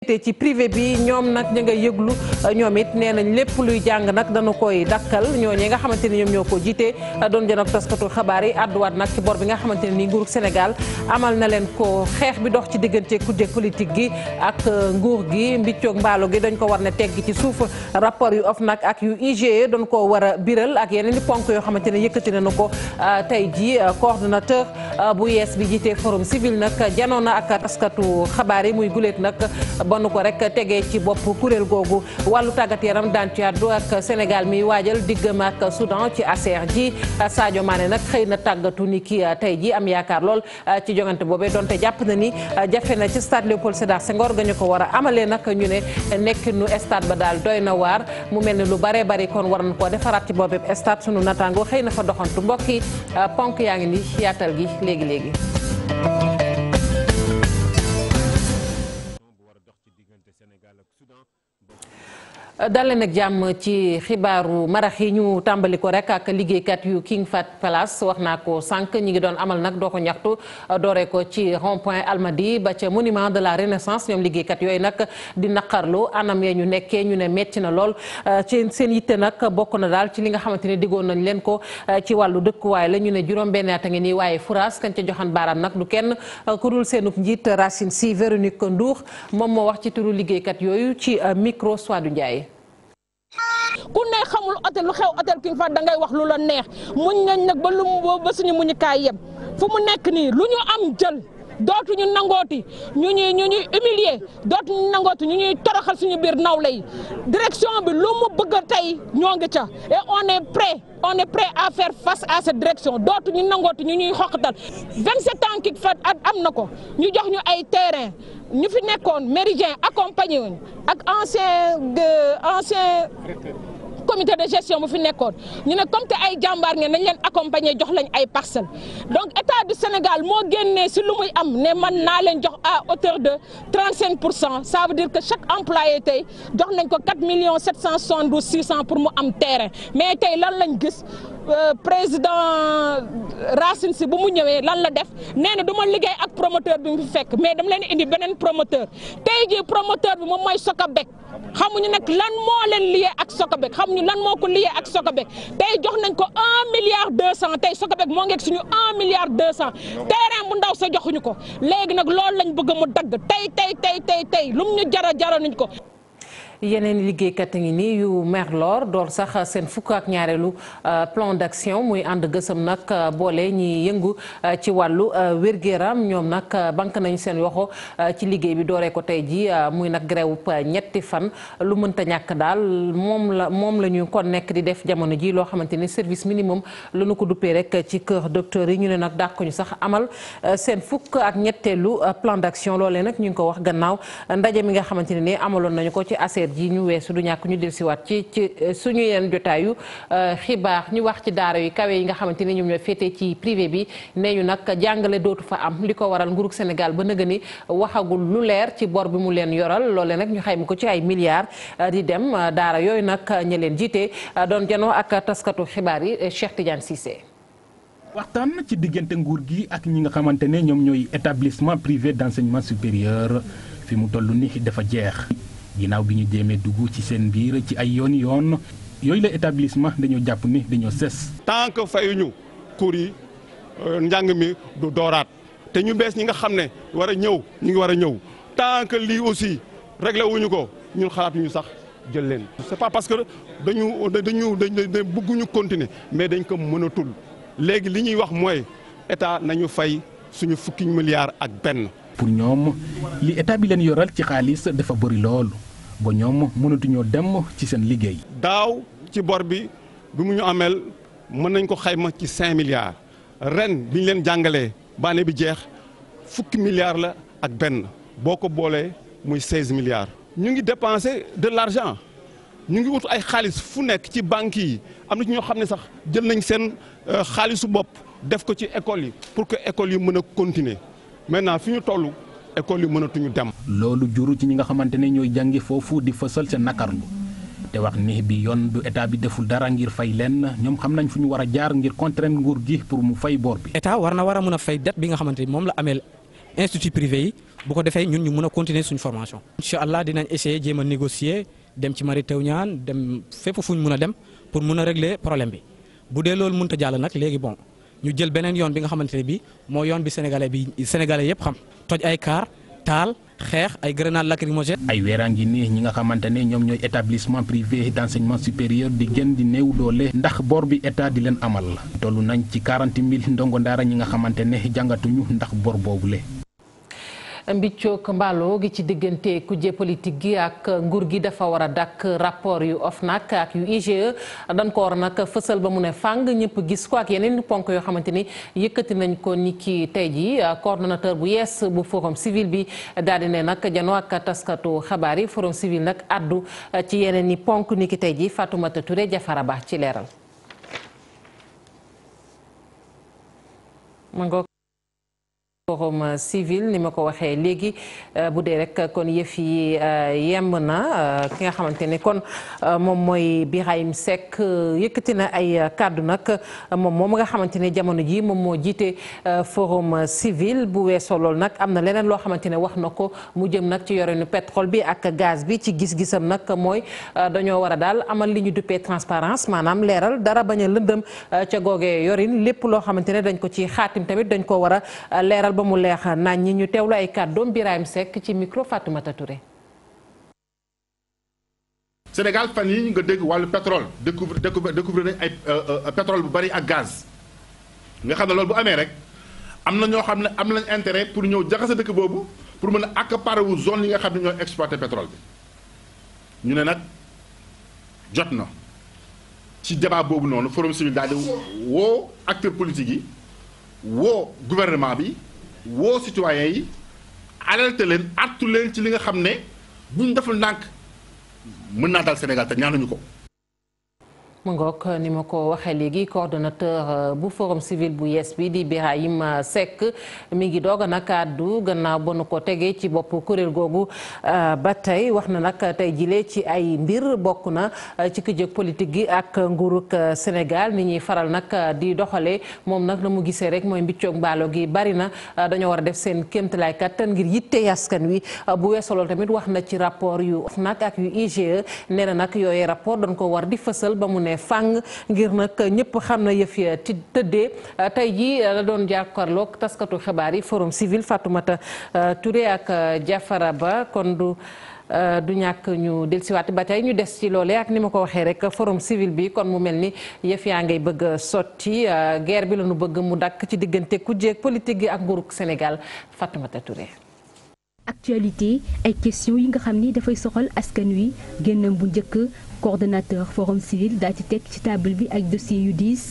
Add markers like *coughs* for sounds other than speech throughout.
ci privé bi ñoom nag ñu nga yëglu ñoom it nee nañ lépp luy jàng nag dañu koy dakkal ñooñu nga xamante ni ñoom ñoo ko jiite doon jën ak taskatu xabaar yi àdduwaat nag ci bor bi nga xamante ne nii nguuru Sénégal amal na leen ko xeex bi dox ci diggante kujje politique gi ak euh, nguur gi mbiccoog mbaalo gi dañ ko war ne tegg ci suuf rapport yu nag ak yu IGE dañ ko war a biral ak yeneen i ponk yoo xamante ne na nañu ko euh, tey ji euh, coordinateur bu yees bi jiite forum civil nag janoo na ak taskatu xabaar yi muy guleet nag ba nu ko rek tegee ci bopp kuréel googu wàllu tàggat yaram daan ci àddu ak Sénégal mi waajal diggam ak Soudan ci ACR ji Sadio Mané nag xëy na tàggatu ni ki uh, tey ji am yaakaar lool uh, ci jongante boobee donte jàpp na ni uh, jafe na ci stade Léopold Sédar Senghor ga ñu ko war a amalee nag ñu ne nekk nu stade ba daal doy na waar mu mel ni lu bare bari kon war na koo defaraat ci boobee stade sunu natango xëy na fa doxantu mbokk yi ponk yaa ngi ni yaatal gi léegi léegi. dalee nag jàmm ci xibaaru marax yi ñu tàmbali ko rek ak liggéeykat yu King Fat Palace wax naa ko sànq ñi ngi doon amal nag doxu ñaxtu dooree ko ci rond point Almadi ba ca monument de la Renaissance ñoom liggéeykat yooyu nag di naqarlu anam ya ñu nekkee ñu ne metti na lool ci euh, seen yitte nag bokk na daal ci li nga xamante ne diggoon nañ leen ko euh, ci wàllu dëkkuwaay la ñu ne juróom benn at a ngi nii waaye Furaas kañ ca joxan baaraam nag du kenn euh, ku dul seenub njiit Racine Sy Véronique Ndour moom moo wax ci turu liggéeykat yooyu ci micro Soadou Ndiaye xamul hôtel lu xew hôtel King Fahd da ngay wax lu la neex muñ nañ nag ba lu ba suñu muñu kaay yem fu mu nekk nii lu ñu am jël dootuñu nangooti ñu ñuy ñu ñuy humilier dootuñu nangooti ñu ñuy toroxal suñu biir nawle yi direction bi lu mu bëgg a tey ñoo ngi ca et on est prêt on est prêt à faire face à cette direction dootuñu nangooti ñu ñuy xoqatal 27 ans King Fahd at am na ko ñu jox ñu ay terrain ñu fi nekkoon méridien accompagné wuñ ak ancien euh, ancien comité de gestion bu fi nekkoon ñu ne comme ay jàmbaar ngeen nañ leen accompagner jox lañ ay parcelles donc état de Sénégal moo génnee si lu muy am ne man naa leen jox à hauteur de 35 pour cent ça veut dire que chaque employé tey jox nañ ko 4 millions 772 600 pour mu am terrain mais tey lan lañ gis. Euh, président Racine Sy bu mu ñëwee lan la def nee na du liggéey ak promoteur bi mu fekk mais dama leen indi beneen promoteur tey jii promoteur bi moom mooy Sokabek xamuñu nag lan moo leen liyee ak Sokabek xamuñu lan moo ko liyee ak Sokabek tey jox nañ ko un milliard deux cent tey Sokabek moo ngeeg suñu un milliard deux cent terrain bu ndaw sa joxuñu ko léegi nag loolu lañ bëgg mu dagg tey tey tey tey tey lum ñu jara nañ ko yeneen liggéeykat ngi nii yu merlor door sax seen fukk ak ñaareelu euh, plan d'action muy ànd gësëm nag euh, boole ñi yëngu euh, ci wàllu wér-gu-yaram ñoom nag bank nañu seen yoxo ci liggéey bi dooree ko tey ji muy nag grève ñetti fan lu mënta ñàkk daal moom la moom la ñu kon nekk di def jamono ji loo xamante ni service minimum la ñu ko duppee rek ci kër docteur yi ñu ne nag dàq sax amal seen fukk ak ñetteelu plan d'action loolee nag ñu ngi ko wax gannaaw ndaje mi nga xamante ne amaloon nañu ko ci ACD jalgat yi ñu weesu du ñàkk ñu dellusiwaat ci ci euh, suñu yeneen jotaayu euh, xibaar ñu wax ci daara yu kawe yi nga xamante ni ñoom ñoo féetee ci privé bi nee ñu nag jàngale dootu fa am li ko waral nguurug senegal ba nëgë ni waxagul lu leer ci bor bi mu leen yoral loole nag ñu xayma ko ci ay milliards euh, di dem daara yooyu nag ña leen jiite doon janoo ak taskatu xibaar yi Cheikh Tidiane Cissé. waxtaan ci diggante nguur gi ak ñi nga xamante ne ñoom ñooy établissement privé d'enseignement supérieur fi mu toll nii dafa jeex. ginnaaw bi ñu jéemee dugg ci seen biir ci ay yoon yoon yooyu la établissement dañoo jàpp ni dañoo ses. tant que fayuñu cours yi euh, njàng mi du dooraat te ñu bees ñi nga xam ne war a ñëw ñu ngi war a ñëw tant que lii aussi réglé wuñu ko ñun xalaatuñu sax jël leen. c'est pas parce que dañu dañu dañu bëgguñu continuer mais dañ ko mënatul léegi li ñuy wax mooy état nañu fay suñu fukki milliards ak benn. pour ñoom li état bi leen yoral ci xaalis dafa bëri loolu. ba ñoom mënatuñoo dem ci seen liggéey. daaw ci bor bi bi mu ñu ameel mën nañ ko xayma ci 5 milliards ren bi ñu leen jàngalee ba année bi jeex fukki milliards la ak benn boo ko boolee muy 16 milliards. ñu ngi dépensé de l'argent ñu ngi wut ay xaalis fu nekk ci banque yi am na ci ñoo xam ne sax jël nañ seen euh, xaalisu bopp def ko ci école yi pour que école yi mën a continuer maintenant fi ñu toll. école yi mënatuñu dem. loolu juru ci ñi nga xamante ne ñooy jàngi foofu di fësal seen nakarlu te wax ni bi yoon du état bi deful dara ngir fay leen ñoom xam nañ fu ñu war a jaar ngir contraindre nguur gi pour mu fay boor bi. état war na war a mën a fay dette bi nga xamante ni moom la ameel institut privé yi bu ko defee ñun ñu mën a continuer suñu formation. incha allah dinañ essayer jéem a négocier dem ci mari tew ñaan dem fépp fu ñu mën a dem pour mën a régler problème bi bu dee loolu mënut a jàll nag léegi bon ñu jël beneen yoon bi nga xamante ne bi moo yoon bi sénégalais bi sénégalais yëpp xam. toj ay kaar taal xeex ay grenade lacrymogène ay weeraa ngi nii ñi nga xamante ne ñoom ñooy établissement privé d'enseignement supérieur di gën di néew loole ndax boor bi état di leen amal la tollu nañ ci 40 000 ndongo ndaara ñi nga xamante ne jàngatuñu ndax bor boobule. mbiccook mbaloo gi ci diggante kujje politique gi ak nguur gi dafa war a dàkk rapport yu OFNAC ak yu IGE dañ ko war nag fësal ba mu ne fàng ñëpp gis ko ak yeneen ponk yoo xamante ni yëkkati nañ ko ni ki tey ji coordonnateur bu yees bu forum civil bi daal di ne nak janoo ak taskatu xabaar yi forum civil nag addu ci yeneen ni ponk niki ki tey ji Fatoumata Touré Jafara Ba ci leeral. forum civil ni ma ko waxee léegi euh, bu dee rek kon yëf yi euh, yemb na euh, ki nga xamante ne kon moom mooy Birahim Seck yëkkati na ay kàddu nag moom moom nga xamante ni jamono ji moom moo jiite forum civil bu weesoo lool nag am na leneen loo xamante ne wax na ko mu jëm nag ci yorenu pétrole bi ak gaz bi ci gis-gisam nag mooy dañoo war a daal amal li ñu duppee transparence maanaam leeral dara bañ a lëndëm ca googee yorin lépp loo xamante ne dañ ko ci xaatim leeral ba mu leex nañ ñi ñu teewlu ay kàddoom Birahim Seck ci micro Fatoumata Touré. Sénégal fan yi nga dégg wàllu pétrole découvre découvre nañ ay euh, euh, euh, pétrole bu bari ak gaz nga xam ne loolu bu amee rek am na ñoo xam ne am nañ intérêt pour ñëw jaxasa dëkk boobu pour mën a accaparer wu zone yi nga xam ne ñoo exploité pétrole bi ñu ne nag jot na ci débat boobu noonu forum civil daal woo acteurs politiques yi woo gouvernement bi woo citoyens yi alerte leen artu leen ci li nga xam ne buñ deful nànk mën naa dal Sénégal te ñaanuñu ko mu ngoog ni ma ko waxee léegi coordonnateur euh, bu forum civil bu yees bi di yi Birahim euh, sekk mi ngi doog nag àddu gannaaw ba nu ko tegee ci bopp kuréel googu euh, ba tey wax na nag tey jile ci ay mbir bokk na ci këjëg politique gi ak nguurug Sénégal ni ñuy faral nag di doxale moom nag na mu gisee rek mooy mbiccoog mbaalo gi bari na dañoo war a def seen kéemtalaay kattan ngir yitte askan wi bu weesoo tamit wax na ci rapport yu OFNAC ak yu IGE nee na ne fàng ngir nag ñëpp xam na yëf ya ti tey ji eh, la doon jàkkaarloog taskatu xibaar yi forum civil Fatoumata eh, Touré ak jafara eh, Ba kon du du ñàkk ñu dellusiwaat ba tey ñu des ci loole ak ni ma ko waxee rek forum civil bi kon mu mel ni yëf yaa ngay bëgg sotti guerre bi la ñu bëgg mu dakk ci diggante ku jéeg politique ak nguurug Sénégal Fatoumata Touré. actualité ay questions yi nga xam ni dafay soxal askan wi génnam bu njëkk coordonnateur forum civil daal ci teg ci table bi ak dossier yu diis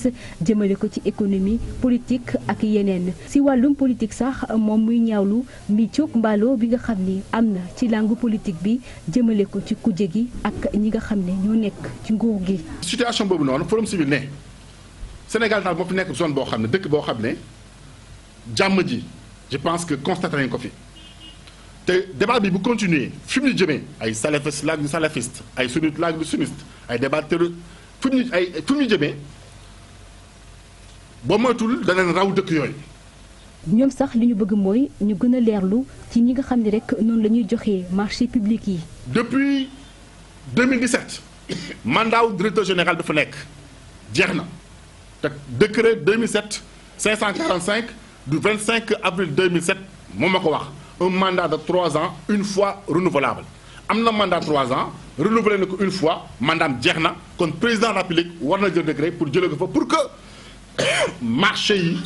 jëmale ko ci économie politique ak yeneen si wàllum politique sax moom muy ñaawlu mi jóg mbaaloo bi nga xam ni am na ci langue politique bi jëmale ko ci kuje gi ak ñi nga xam ne ñoo nekk ci nguur gi. situation boobu noonu forum civil ne Sénégal daal moo fi nekk zone boo xam ne dëkk boo xam ne jàmm ji je pense que constaté nañ ko fi. te débat bi bu continuer fi mu ñu ay salafiste laag du salafiste ay sunnite laag du sunniste ay débat tëru fi mu ñu ay fi mu ñu jëmee ba moytul danañ raw dëkk yooyu. ñoom sax li ñu bëgg mooy ñu gën a leerlu ci ñi nga xam ni rek noonu la ñuy joxee marché public yi. depuis 2017 mandat wu directeur général dafa nekk jeex na te décret 2007 545 du 25 avril 2007 moom ma ko wax. un mandat de 3 ans une fois renouvelable am na mandat 3 ans renouvelé na ko une fois mandaam jeex na kon président de la République war na jël décret pour jëlee ko fa pour que *coughs* marché yi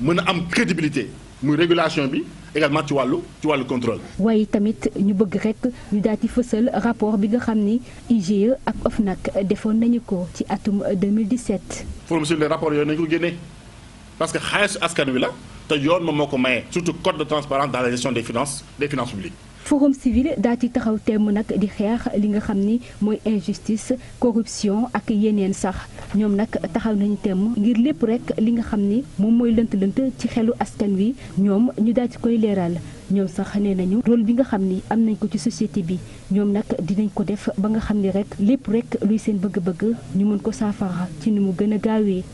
mën a am crédibilité muy régulation bi également ci wàllu ci wàllu contrôle. waaye tamit ñu bëgg rekk ñu daal di fësal rapport bi nga xam ni IGE ak OFNAC defoon nañu ko ci atum 2017. forum sur les rapports yooyu nañu ko génnee parce que xaalisu askan wi la. te yoon moom moo ko maye surtout code de transparence dans la gestion des finances des finances publiques. forum civil daa ci taxaw temm nag di xeex li nga xam ni mooy injustice corruption ak yeneen sax ñoom nag taxaw nañu temm ngir lépp rek li nga xam ni moom mooy lënt-lënt ci xelu askan wi ñoom ñu daal ci koy leeral ñoom sax nee nañu rôle bi nga xam ni am nañ ko ci société bi ñoom nag dinañ ko def ba nga xam ni rek lépp rek luy seen bëgg-bëgg ñu mën ko saafara ci ni mu gën a gaawee.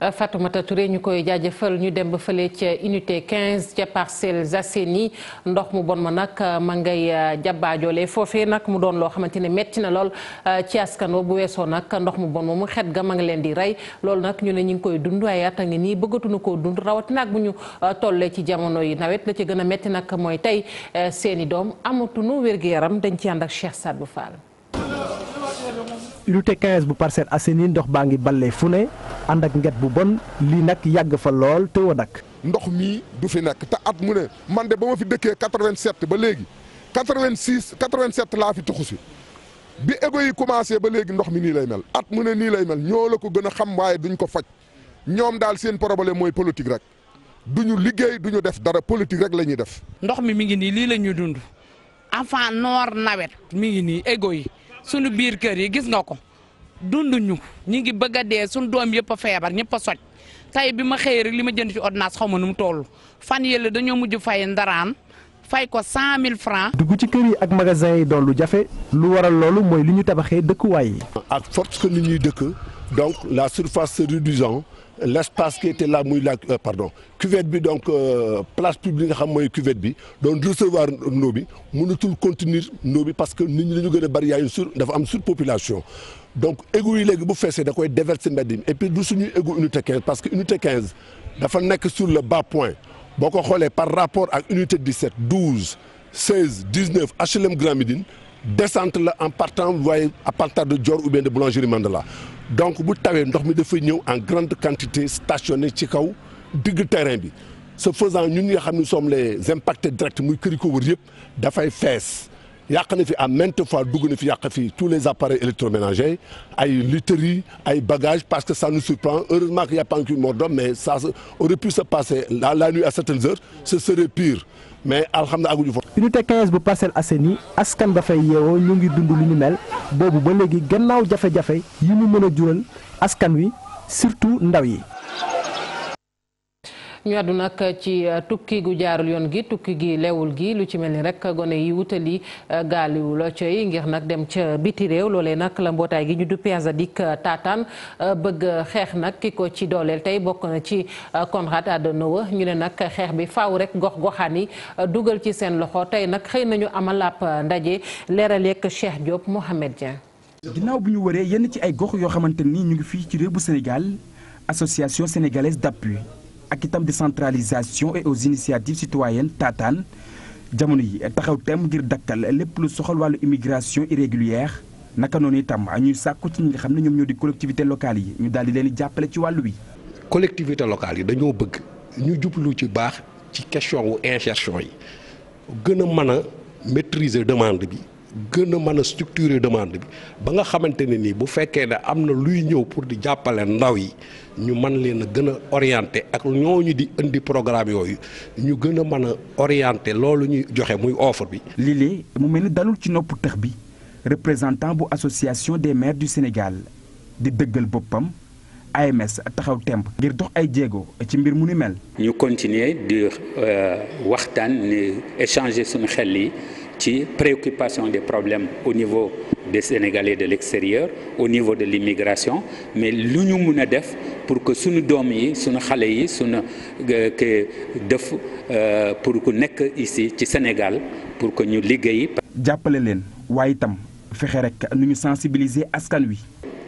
Euh, Fatoumata Touré ñu koy jaajëfal ñu dem ba fële ca unité 15 ca Parcelles Assainies ndox mu bon ma nag euh, ma ngay euh, jabaajoole foofee nag mu doon loo xamante ne metti na lool ci askan bu weesoo nag ndox mu bon mu xet ga ma nga leen di rey loolu nag ñu ne ñu ngi koy dund ay at a ngi nii bëggatuñu koo dund rawatina ak bu ñu tollee ci jamono yi nawet la ci gën a metti nag mooy tey seeni doom amatuñu wér-gu-yaram dañ ci ànd ak Cheikh Sadou Fall. unité bu Parcelles ndox baa ngi ballee fu ne ànd ak nget bu bon lii nag yàgg fa lool te a nag ndox mii du fi nekk te at mu ne man de ba ma fi dëkkee 87 ba léegi 86 87 laa fi tuxu si bi égo yi commencé ba léegi ndox mi nii lay mel at mu ne nii lay mel ñoo la ko gën a xam waaye duñ ko faj ñoom daal seen problème mooy politique rek duñu liggéey duñu def dara politique rek la ñuy def. ndox mi mi ngi nii lii la ñuy dund avant noor nawet mi ngi nii égo yi sunu biir kër yi gis nga ko. dunduñu ñu ngi bëgg a dee suñ doom yëpp a feebar ñëpp a soj tey bi ma xëyee rek li ma jënd ci ordonnance xaw ma nu mu toll fan yële dañoo mujj fay ndaraan fay ko cent mille francs dugg ci kër yi ak magasin yi doon lu jafe lu waral loolu mooy li ñu tabaxee dëkkuwaay yi. ak force que ni ñuy dëkk donc la surface se réduisant l'espace qui était là muy la euh, pardon cuvette bi donc euh, place publique nga xam mooy cuvette bi doon recevoir ndox bi mënatul continuer ndox bi parce que nit ñi dañu gën a bari yaay sur dafa am surpopulation donc égout yi léegi bu feesee da koy déverser mbedd mi et puis du suñu égout unité 15 parce que unité 15 dafa nekk sur le bas point boo ko xoolee par rapport ak unité 17 12 16 19 HLM Grand Médine descente la en partant vous voyez à partir de Dior ou bien de boulangerie Mandela donc bu tawee ndox mi dafay ñëw en grande quantité stationné ci kaw digg terrain bi ce faisant ñun ñi nga xam ne sommes les impactés directs muy kër yi ko wër yëpp dafay fees yàq na fi à maintes fois dugg na fi yàq fi tous les appareils électroménagers ay literie ay bagages parce que ça nous surprend heureusement qu'il n'y a pas mais ça aurait pu se passer la, la nuit à certaines heures ce pire mais alhamdulilah aguñu fa. unité 15 bu Parcelles Assainies askan ba fay yeewoo ñu ngi dund lu ñu mel boobu ba léegi gannaaw jafe-jafe yi mu mën a jural askan wi surtout ndaw yi. ñu àddu nag ci euh, tukki gu jaarul yoon gi tukki gi lewul gi lu ci mel ni rek gone yi wutali euh, gaaliwu la coy ngir nag dem ca biti réew loole nag la mbootaay gi ñu duppee Azadik taataan euh, bëgg xeex nag ki ko ci dooleel tey bokk na ci Konrad Adenauer ñu ne nag xeex bi faaw rek gox goxaan yi dugal ci seen loxo tey nag xëy nañu amal ab ndaje leeral yeeg Cheikh Diop Mohamed Dieng. ginnaaw bu ñu wëree yenn ci ay gox yoo xamante ni ñu ngi fii ci réew bu Sénégal association sénégalaise d' appui. ak itam décentralisation et aux initiatives citoyennes taataan jamono yi taxaw tem ngir dakkal lépp lu soxal wàllu immigration irrégulière naka noonu itam a ñuy sàkku ci ñi nga xam ne ñoom ñoo di collectivité locale yi ñu daal di leen jàppale ci wàllu wi. collectivité locale yi dañoo bëgg ñu jublu ci baax ci question wu insertion yi gën a mën a maîtriser demande bi. gën a mën a structurer demande bi ba nga xamante ne nii bu fekkee na am na luy ñëw pour di jàppale ndaw yi ñu mën leen a gën a orienter ak ñooñu di indi programme yooyu ñu gën a mën a orienter loolu ñuy joxe muy offre bi. lii mu mel ni dalul ci noppu tëx bi représentant bu association des maires du Sénégal di dëggal boppam. AMS taxaw temp ngir dox ay jéego ci mbir mu ni mel. ñu continuer di euh, waxtaan ni échanger suñu xel yi. ci préoccupation des problèmes au niveau des Sénégalais de l'extérieur au niveau de l'immigration mais lu ñu mun a def pour que suñu doom yi suñu xale yi suñu euh, que def euh, pour ku nekk ici ci Sénégal pour que ñu liggéey. jàppale leen waaye itam fexe rek nu ñu sensibiliser askan wi.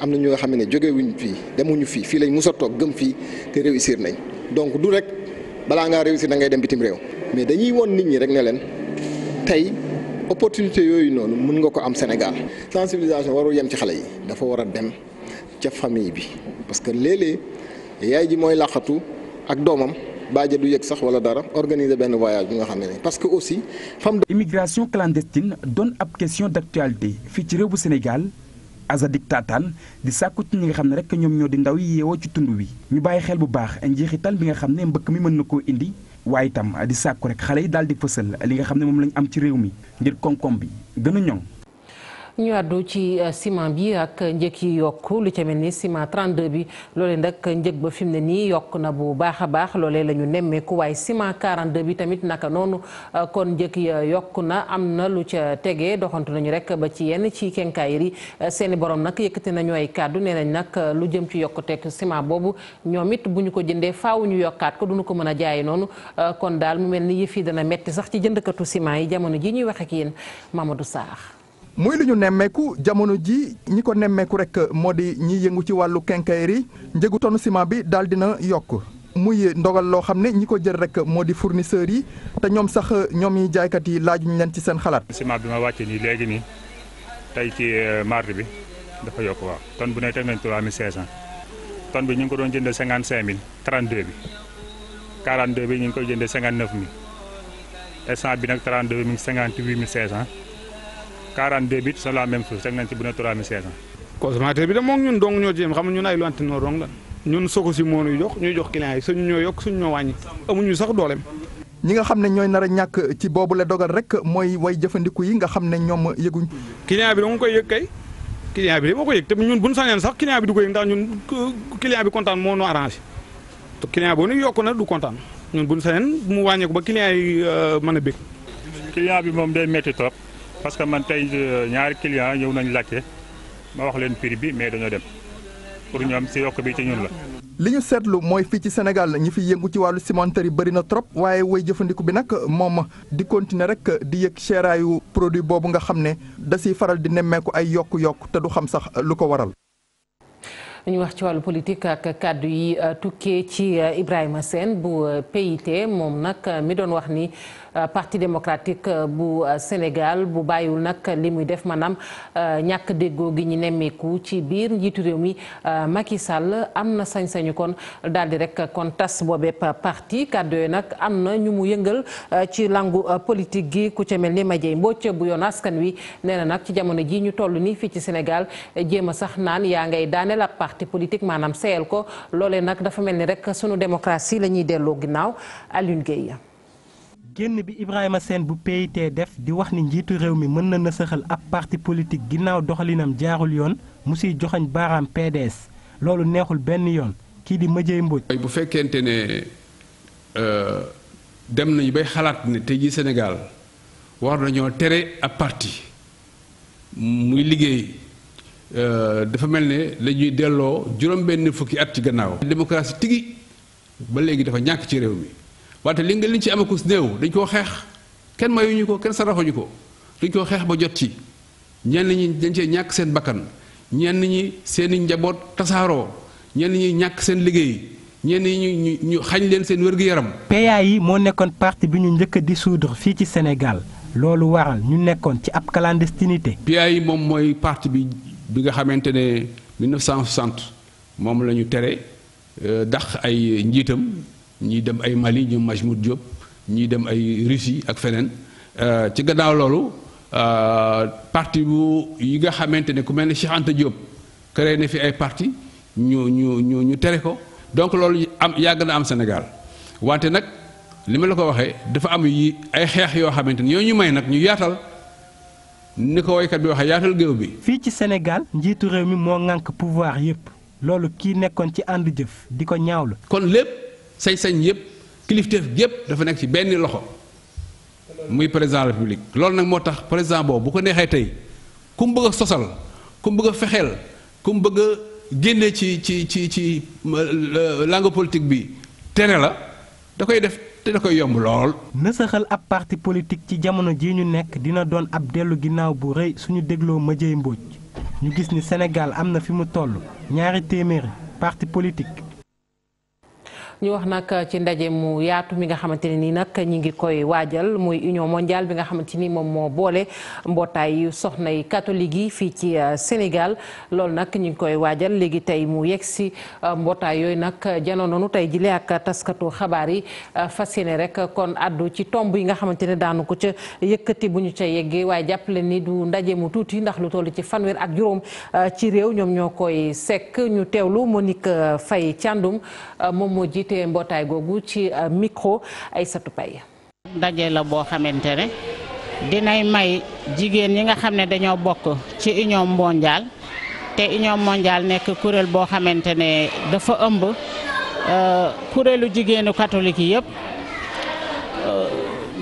am na ñoo xam ne jógewuñ fii demuñu fii fii lañ musa toog gëm fii te réussir nañ donc du rek balaa ngaa réussir da ngay dem bitim réew mais dañuy woon nit ñi rek ne leen tey. opportunité yooyu noonu mën nga ko am Sénégal sensibilisation warul yem ci xale yi dafa war a dem ca famille bi parce que léeg-léeg yaay ji mooy làqatu ak doomam baaja du yëg sax wala dara organiser benn voyage bi nga xam ne parce que aussi femme immigration clandestine doon ab question d'actualité fii ci réew bu Sénégal Azadik Tatan di sàkku ci ñi nga xam ne rek ñoom ñoo di ndaw yi yeewoo ci tund wi ñu bàyyi xel bu baax njeexital bi nga xam ne mbëkk mi mën na koo indi waaye itam di sàkku rek xale yi daal di fësal li nga xam ne moom lañu am ci réew mi ngir koom-koom bi gën a ñoŋ ñu àddu ci euh, ciment bi ak njëg yi yokk lu ca mel ni ciment 32 bi loole nag njëg ba fi mu ne nii yokk na bu baax a baax loolee la ñu nemmeeku waaye ciment 42 bi tamit naka noonu euh, kon njëg ya yokk na am na lu ca tegee doxantu nañu rek ba ci yenn ci kenkaayir yi euh, seen i borom nag yëkkati nañu ay kàddu nee nañ nag lu jëm ci yokkuteeg ciment boobu ñoom it bu ñu ko jëndee faaw ñu yokkaat ko duñu ko mën a jaayee noonu kon daal mu mel ni yëf yi dana metti sax ci jëndkatu ciment yi jamono ji ñuy wax ak yéen Mamadou Sarr muy li ñu nemmeeku jamono ji ñi ko nemmeeku rek moo di ñi yëngu ci wàllu quincaillerie njëgu tonu ciment bi daal na yokk muy ndogal loo xam ne ñi ko jël rek moo di fournisseurs yi te ñoom sax ñoom yi jaaykat yi laajuñ leen ci seen xalaat. ciment bi ma wàccee nii léegi nii tey ci euh, mardi bi dafa yokk waaw tonne bu ne teg nañ 3500 tonne bi ñu ngi ko doon jëndee 55000 32 bi 42 bi ñu ngi koy jëndee 59000 instant bi nag 32 bi mu ngi 58500. 42 bits c'est la même chose teg nañ moom ñun dong ñoo jéem xam nga ñun ay lointinoo dong la ñun soko si moo ñuy jox ñuy jox client yi suñu ñoo yokk suñu ñoo wàññi amuñu sax dooleem. ñi nga xam ne ñooy a ñàkk ci boobu la dogal rek mooy way jëfandiku yi nga xam ne ñoom yëguñ. client bi dama koy yëg kay client bi de moo koy yëg te ñun bu ñu sañoon sax client bi du ko yëg ndax ñun client moo ñu arrangé te client boo yokk na du kontaan ñun bu ñu sañoon mu wàññeeku ba client yi euh, mën a bég. client bi moom day métti trop. parce que man tey euh, ñaari client ñëw nañu laajte ma wax leen prix bi mais dañoo dem pour ñoom si yokk bi ci ñun la. li ñu seetlu mooy fii ci Sénégal ñu fi yëngu ci wàllu cimenterie bëri na trop waaye woy jëfandiku bi nag moom di continuer rek di yëg seeraayu produit boobu nga xam ne da siy faral di nemmeeku ay yokk-yokk te du xam sax lu ko waral. ñu wax ci wàllu politique ak kàddu yi euh, tukkee ci euh, Ibrahima Sène bu PIT moom nag mi doon wax ni. Euh, parti démocratique euh, bu euh, Sénégal bu bàyyiwul nag li muy def maanaam ñàkk déggoo gi ñu nemmeeku ci biir njiitu réew mi Macky Sall am na sañ-sañu kon daal di rek kon tas boobeeb parti kàddu yooyu nag am na ñu mu yëngal ci langu politique gi ku ca mel ni Madiaye Mbodj bu yoon askan wi nee na nag ci jamono ji ñu toll nii fii ci Sénégal eh, jéem a sax naan yaa ngay daaneel ab parti politique maanaam seyal ko loolee nag dafa mel ni rek sunu démocratie la ñuy delloo ginnaaw Alioune Guèye génn bi Ibrahima Sène bu PIT def di wax ni njiitu réew mi mën na nasaxal ab parti politique ginnaaw doxalinam jaarul yoon mu siy joxoñ baaraam PDS loolu neexul benn yoon kii di Madieye Mbodj. bu fekkente ne euh, dem nañu bay xalaat ne te ji senegal war nañoo tere ab parti muy liggéey euh, dafa mel ne dañuy delloo juróom-benn fukki at ci gannaaw. démocratie tigi ba léegi dafa ñàkk ci réew mi. wante li nga liñ ci amakus néew dañ koo xeex kenn mayuñu ko kenn saraxuñu ko dañ koo xeex ba jot ci ñenn ñi dañ cee ñàkk seen bakkan ñenn ñi seen i njaboot tasaaroo ñenn ñi ñàkk seen liggéey ñenn ñi ñu ñu xañ leen seen wér-gu-yaram. PA yi moo nekkoon parti bi ñu njëkk di dissoudre fii ci Sénégal loolu waral ñu nekkoon ci ab clandestinité. PA yi moom mooy parti bi bi nga xamante ne cent 1960 moom la ñu tere euh, dax ay njiitam. ñuy dem ay Mali ñu Majmout Diop ñuy dem ay Russie ak feneen euh, ci gannaaw loolu euh, parti bu yi nga xamante ne ku mel ni Cheikh Anta Diop créé na fi ay parti ñu ñu ñu ñu tere ko donc loolu am yàgg na am Sénégal wante nag li ma la ko waxee dafa am yi ay xeex yoo xamante ni yoo ñu may nag ñu yaatal ni ko woykat bi waxee yaatal géew bi. fii ci Sénégal njiitu réew mi moo ŋànk pouvoir yépp loolu kii nekkoon ci ànd jëf di ko ñaawlu. kon lépp. sañ-sañ yëpp kilifteef yëpp dafa nekk ci benn loxo muy président de la république loolu nag moo tax président boobu bu ko neexee tey ku mu sosal ku mu fexeel ku mu génne ci ci ci ci euh, langue bi tere la da koy def te da koy yomb lool. nasaxal ab parti politique ci jamono jii ñu nekk dina doon ab dellu ginnaaw bu rëy suñu dégloo Madieye Mbodj ñu gis ni Sénégal am na fi mu toll ñaari téeméeri parti politique. ñu wax nag ci ndaje mu yaatu mi nga xamante ne nii nag ñi ngi koy waajal muy union mondiale bi nga xamante ni moom moo boole mbootaay yu soxna yi catholique yi fii ci euh, Sénégal loolu nag ñu ngi koy waajal léegi tey mu yegg si euh, mbootaay yooyu nag janoo noonu tey jile ak taskatu xabaar yi euh, fas yéene rek kon addu ci tomb yi nga xamante ne daanu ko ca yëkkati bu ñu ca yeggee waaye jàppale ni du ndaje mu tuuti ndax lu toll ci fanweer ak juróom ci réew ñoom ñoo koy sekk ñu teewlu Monique Faye Thiandoum moom moo jiite jiite mbootaay googu ci euh, micro Aïssatou Paye ndaje la boo xamante ne dinay may jigéen yi nga xam ne dañoo bokk ci union mondiale te union mondiale nekk kuréel boo xamante ne dafa ëmb euh, kuréelu jigéenu catholique yi yëpp euh,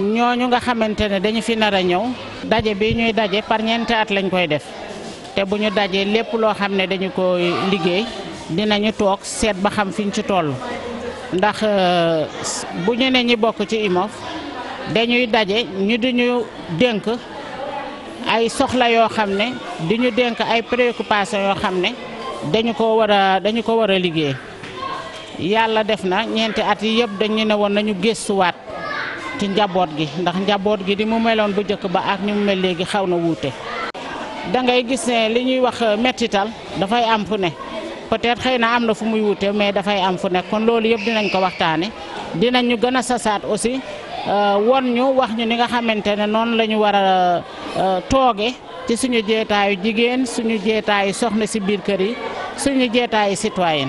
ñooñu nga xamante ne dañu fi nar a ñëw daje bi ñuy daje par ñeenti at lañ koy def te bu ñu dajee lépp loo xam ne dañu koy liggéey dinañu toog seet ba xam fiñ ci toll ndax euh, bu ñu ñi bokk ci IMOF dañuy daje ñu di ñu dénk ay soxla yoo xam ne di ñu dénk ay préoccupation yoo xam ne dañu ko war a dañu ko war a liggéey yàlla def na ñeenti at yi yëpp dañu ne woon nañu gëstuwaat ci njaboot gi ndax njaboot gi di mu meloon bu njëkk ba ak ni mu mel léegi xaw na wuute da ngay gis ne li ñuy wax mettital dafay am fu ne peut-être xëy na am na fu muy wute mais dafay am fu nekk kon loolu yëpp dinañ ko waxtaane dinañ ñu gën a sasaat aussi euh, won ñu wax ñu ni nga xamante ne noonu la ñu war a euh, tooge ci suñu jeetaayu jigéen suñu jeetaayu soxna si biir kër yi suñu jeetaayu citoyen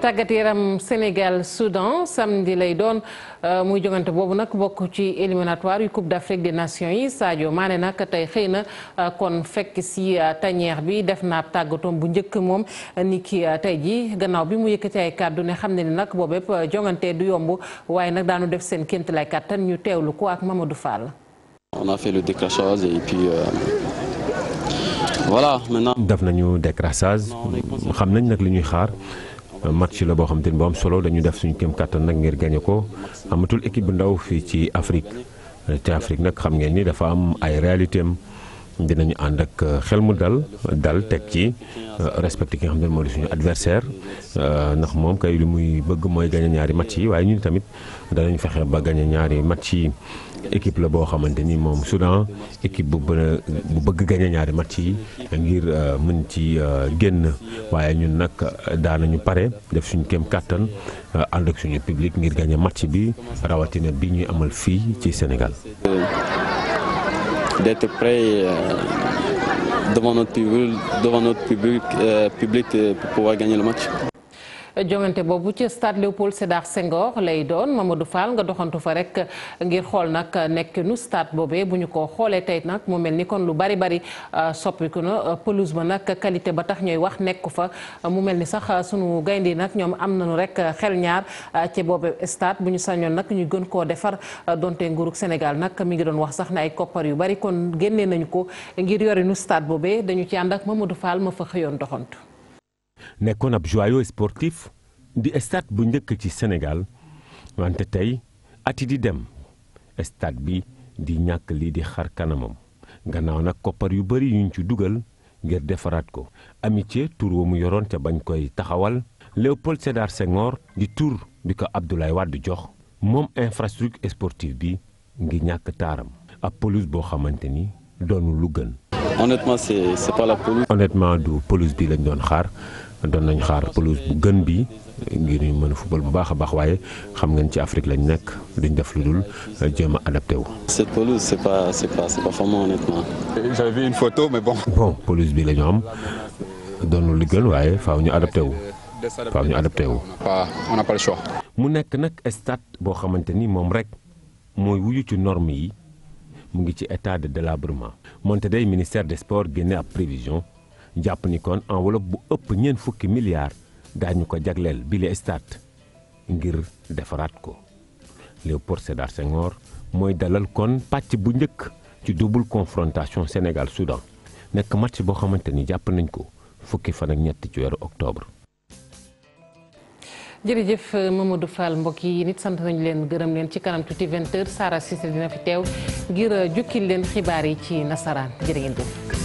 tàggat yaram Sénégal Soudan samedi lay doon euh, muy jongante boobu nag bokk ci éliminatoire yu coup d'Afrique des Nations yi Sadio Mané nag tey xëy na euh, kon fekk si euh, tañeex bi def naa tàggatoom bu njëkk moom ni ki tey ji gannaaw bi mu yëkkati ay kàddu ne xam ne ni nag boobu yëpp jongante du yomb waaye nag daanu def seen ként lay kàttan ñu teewlu ko ak Mamadou Fall. on a fait le décrassage def nañu décrassage xam nañ nag li ñuy xaar. match la boo xam te ni bu am solo dañu def suñu kéem kàttan nag ngir gagné ko amatul équipe bu ndaw fii ci Afrique te Afrique nag xam ngeen ni dafa am ay réalité am dinañu ànd ak euh, xel mu dal dal teg ci euh, respecte ki nga xam ne moo di suñu adversaire euh, ndax moom kay li muy bëgg mooy gagné ñaari match yi waaye ñun tamit danañ fexe ba gagné ñaari match yi. équipe la boo xamante ni moom Soudan équipe bu bë bu bëgg gañe ñaari match yi ngir euh, mën ci euh, génn waaye ñun nag euh, daanañu pare def suñ kéem kàttan ànd ak suñu public ngir gañe match bi rawatina bi ñuy amal fii ci Sénégal. d'être prêt devant notre public, jongante boobu ci stade Léopold Sédar Senghor lay doon Mamadou faal nga doxantu fa rek ngir xool nag nekk nekkinu stade boobee bu ñu ko xoolee tey nag mu mel ni kon lu bari bari euh, soppiku na euh, pelouse ba nag qualité ba tax ñooy wax nekku fa euh, mu mel ni sax sunu gaynde nag ñoom am nañu rek xel ñaar ci boobu stade bu ñu sañoon nag ñu gën koo defar donte nguurug Sénégal nag mi ngi doon wax sax ne ay koppar yu bari kon génnee nañu ko ngir nu stade boobee dañu ci ànd ak Mamadou Fall ma fa xëyoon doxantu. nekkoon ab joyau sportif di stade bu njëkk ci senegal wante tey ati di dem stade bi di ñàkk lii di xar kanamam gannaaw nag koppar yu bari yuñ ci dugal ngir defaraat ko amitié tur wa mu yoroon ca bañ koy taxawal Léopold Sédar Senghor di tur bi ko Abdoulaye Wade jox moom infrastructure sportive bi ngi ñàkk taaram ab pelouse boo xamante ni doonu lu gën. honnêtement c'est c'est pas la pelouse. honnêtement du pelouse bi lañ doon xar doon nañ xaar pelouse bu gën bi ngir ñu mën a football bu baax a baax waaye xam ngeen ci Afrique lañ nekk duñ def lu dul jéem a adapté wu. cette pelouse c'est pas c'est pas c'est pas fameux honnêtement. j'avais vu bon. bon bi la am doonul li gën waaye faaw ñu adapté wu. faaw ñu adapté wu. on n'a pas mu nekk nag stade boo xamante ni moom rek mooy wuyu ci norme yi mu ngi ci état de délabrement. moonte day ministère de sports génne ab prévision. jàpp ni kon enveloppe bu ëpp ñeent fukki milliards daañu ko jagleel bile stade ngir defaraat ko Léopold Sédar Senghor mooy dalal kon pàcc bu njëkk ci double confrontation senegal Soudan nekk match boo xamante ni jàpp nañ ko fukki fan ak ñett ci weeru octobre. jërëjëf Mamadou Fall mbokk yi nit sant nañu leen gërëm leen ci kanam tuuti 20h Sara dina fi teew ngir jukkil leen xibaar yi ci nasaraan jërë ngeen